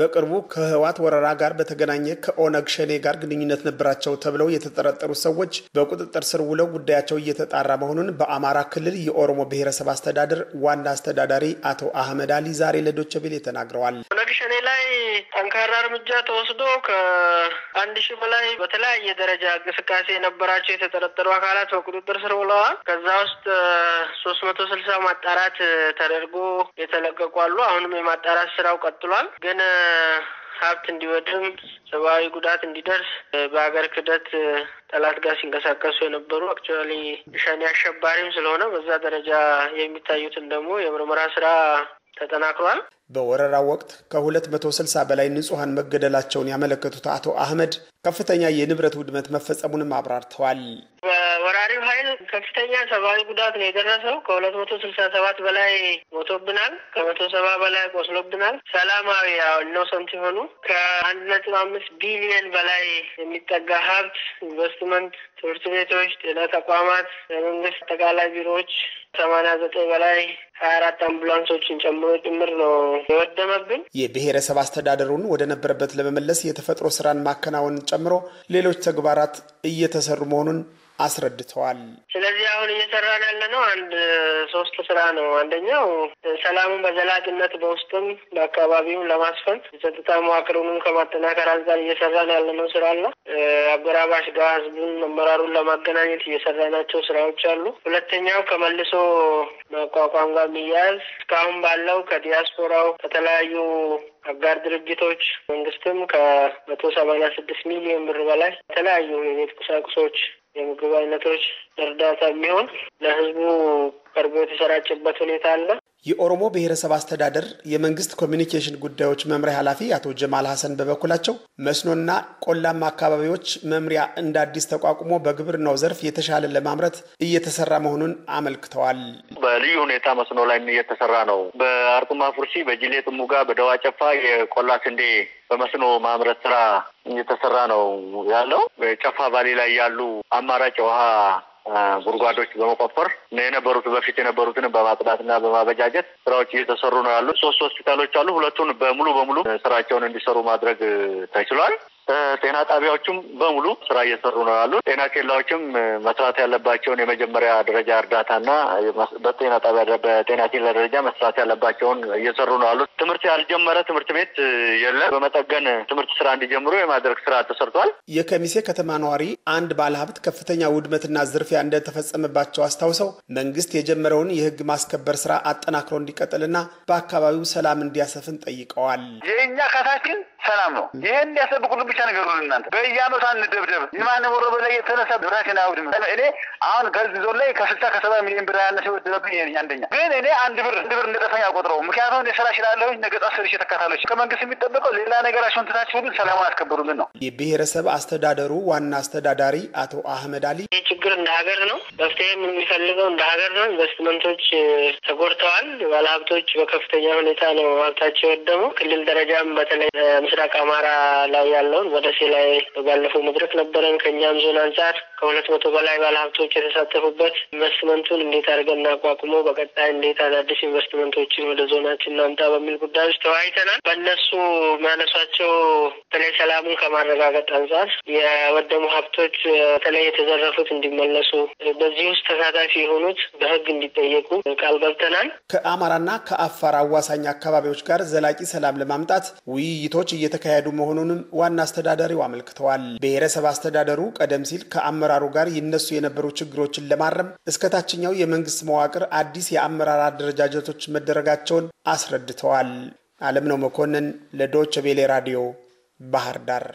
በቅርቡ ከህወሓት ወረራ ጋር በተገናኘ ከኦነግ ሸኔ ጋር ግንኙነት ነበራቸው ተብለው የተጠረጠሩ ሰዎች በቁጥጥር ስር ውለው ጉዳያቸው እየተጣራ መሆኑን በአማራ ክልል የኦሮሞ ብሔረሰብ አስተዳደር ዋና አስተዳዳሪ አቶ አህመድ አሊ ዛሬ ለዶቼ ቬለ ተናግረዋል። ኦነግ ሸኔ ላይ ጠንካራ እርምጃ ተወስዶ ከአንድ ሺህ በላይ በተለያየ ደረጃ እንቅስቃሴ የነበራቸው የተጠረጠሩ አካላት በቁጥጥር ስር ውለዋል። ከዛ ውስጥ ሶስት መቶ ስልሳ ማጣራት ተደርጎ የተለቀቁ አሉ። አሁንም የማጣራት ስራው ቀጥሏል ግን ሀብት እንዲወድም ሰብአዊ ጉዳት እንዲደርስ በሀገር ክህደት ጠላት ጋር ሲንቀሳቀሱ የነበሩ አክቹዋሊ ሸኔ አሸባሪም ስለሆነ በዛ ደረጃ የሚታዩትን ደግሞ የምርመራ ስራ ተጠናክሯል። በወረራው ወቅት ከ260 በላይ ንጹሐን መገደላቸውን ያመለከቱት አቶ አህመድ ከፍተኛ የንብረት ውድመት መፈጸሙንም አብራርተዋል። ከፍተኛ ሰብአዊ ጉዳት ነው የደረሰው። ከሁለት መቶ ስልሳ ሰባት በላይ ሞቶብናል። ከመቶ ሰባ በላይ ቆስሎብናል። ሰላማዊ ኢኖሰንት የሆኑ ከአንድ ነጥብ አምስት ቢሊየን በላይ የሚጠጋ ሀብት ኢንቨስትመንት፣ ትምህርት ቤቶች፣ ጤና ተቋማት፣ የመንግስት አጠቃላይ ቢሮዎች ሰማንያ ዘጠኝ በላይ ሀያ አራት አምቡላንሶችን ጨምሮ ጭምር ነው የወደመብን። የብሔረሰብ አስተዳደሩን ወደ ነበረበት ለመመለስ የተፈጥሮ ስራን ማከናወን ጨምሮ ሌሎች ተግባራት እየተሰሩ መሆኑን አስረድተዋል። ስለዚህ አሁን እየሰራን ያለ ነው አንድ ሶስት ስራ ነው። አንደኛው ሰላሙን በዘላቂነት በውስጥም በአካባቢውም ለማስፈን የጸጥታ መዋቅሩንም ከማጠናከር አንጻር እየሰራን ያለ ነው ስራ አለ። አጎራባሽ ጋር ህዝቡን መመራሩን ለማገናኘት እየሰራናቸው ስራዎች አሉ። ሁለተኛው ከመልሶ መቋቋም ጋር የሚያያዝ እስካሁን ባለው ከዲያስፖራው ከተለያዩ አጋር ድርጅቶች መንግስትም ከመቶ ሰማንያ ስድስት ሚሊዮን ብር በላይ የተለያዩ የቤት ቁሳቁሶች የምግብ አይነቶች እርዳታ የሚሆን ለህዝቡ ቀርቦ የተሰራጨበት ሁኔታ አለ። የኦሮሞ ብሔረሰብ አስተዳደር የመንግስት ኮሚኒኬሽን ጉዳዮች መምሪያ ኃላፊ አቶ ጀማል ሐሰን በበኩላቸው መስኖና ቆላማ አካባቢዎች መምሪያ እንደ አዲስ ተቋቁሞ በግብርናው ዘርፍ የተሻለ ለማምረት እየተሰራ መሆኑን አመልክተዋል። በልዩ ሁኔታ መስኖ ላይ እየተሰራ ነው። በአርጡማ ፉርሲ፣ በጅሌ ጥሙጋ፣ በደዋ ጨፋ የቆላ ስንዴ በመስኖ ማምረት ስራ እየተሰራ ነው ያለው። በጨፋ ባሌ ላይ ያሉ አማራጭ ውሃ ጉድጓዶች በመቆፈር የነበሩት በፊት የነበሩትን በማጽዳትና በማበጃጀት ስራዎች እየተሰሩ ነው ያሉ ሶስት ሆስፒታሎች አሉ። ሁለቱን በሙሉ በሙሉ ስራቸውን እንዲሰሩ ማድረግ ተችሏል። ጤና ጣቢያዎቹም በሙሉ ስራ እየሰሩ ነው ያሉ። ጤና ኬላዎችም መስራት ያለባቸውን የመጀመሪያ ደረጃ እርዳታና በጤና ጣቢያ በጤና ኬላ ደረጃ መስራት ያለባቸውን እየሰሩ ነው ያሉ። ትምህርት ያልጀመረ ትምህርት ቤት የለም። በመጠገን ትምህርት ስራ እንዲጀምሩ የማድረግ ስራ ተሰርቷል። የከሚሴ ከተማ ነዋሪ አንድ ባለሀብት ከፍተኛ ውድመትና ዝርፊያ እንደተፈጸመባቸው አስታውሰው መንግስት የጀመረውን የህግ ማስከበር ስራ አጠናክሮ እንዲቀጥልና በአካባቢው ሰላም እንዲያሰፍን ጠይቀዋል። የእኛ ሰላም ነው። ይህን እንዲያሰብቁልን ብቻ ነገሩ እናንተ በየአመቱ አንደብደብ የማንም ወረበ ላይ የተነሳ ብራሽን አውድ እኔ አሁን ከዚህ ዞን ላይ ከስልሳ ከሰባ ሚሊዮን ብር ያነሰ ወደረብኝ። አንደኛ ግን እኔ አንድ ብር አንድ ብር እንደጠፋኝ አቆጥረው። ምክንያቱም እኔ ስራ እችላለሁ፣ ነገ ጧት ሰርቼ ተካታለች። ከመንግስት የሚጠበቀው ሌላ ነገር ትታችሁልን ሰላሙን አስከበሩልን ነው። የብሔረሰብ አስተዳደሩ ዋና አስተዳዳሪ አቶ አህመድ አሊ ይህ ችግር እንደ ሀገር ነው መፍትሄ የሚፈልገው እንደ ሀገር ነው። ኢንቨስትመንቶች ተጎድተዋል። ባለሀብቶች በከፍተኛ ሁኔታ ነው ሀብታቸው የወደሙ። ክልል ደረጃም በተለይ ምስራቅ አማራ ላይ ያለውን ወደሴ ላይ ባለፈው መድረክ ነበረን። ከእኛም ዞን አንጻር ከሁለት መቶ በላይ ባለሀብቶች የተሳተፉበት ኢንቨስትመንቱን እንዴት አድርገን እናቋቁሞ በቀጣይ እንዴት አዳዲስ ኢንቨስትመንቶችን ወደ ዞናችን እናምጣ በሚል ጉዳዮች ተወያይተናል። በእነሱ ማነሷቸው በተለይ ሰላሙን ከማረጋገጥ አንጻር የወደሙ ሀብቶች በተለይ የተዘረፉት እንዲመለሱ፣ በዚህ ውስጥ ተሳታፊ የሆኑት በህግ እንዲጠየቁ ቃል ገብተናል። ከአማራና ከአፋር አዋሳኝ አካባቢዎች ጋር ዘላቂ ሰላም ለማምጣት ውይይቶች እየተካሄዱ መሆኑንም ዋና አስተዳዳሪው አመልክተዋል። ብሔረሰብ አስተዳደሩ ቀደም ሲል ከአመራሩ ጋር ይነሱ የነበሩ ችግሮችን ለማረም እስከ ታችኛው የመንግስት መዋቅር አዲስ የአመራር አደረጃጀቶች መደረጋቸውን አስረድተዋል። አለምነው መኮንን ለዶች ቤሌ ራዲዮ ባህር ዳር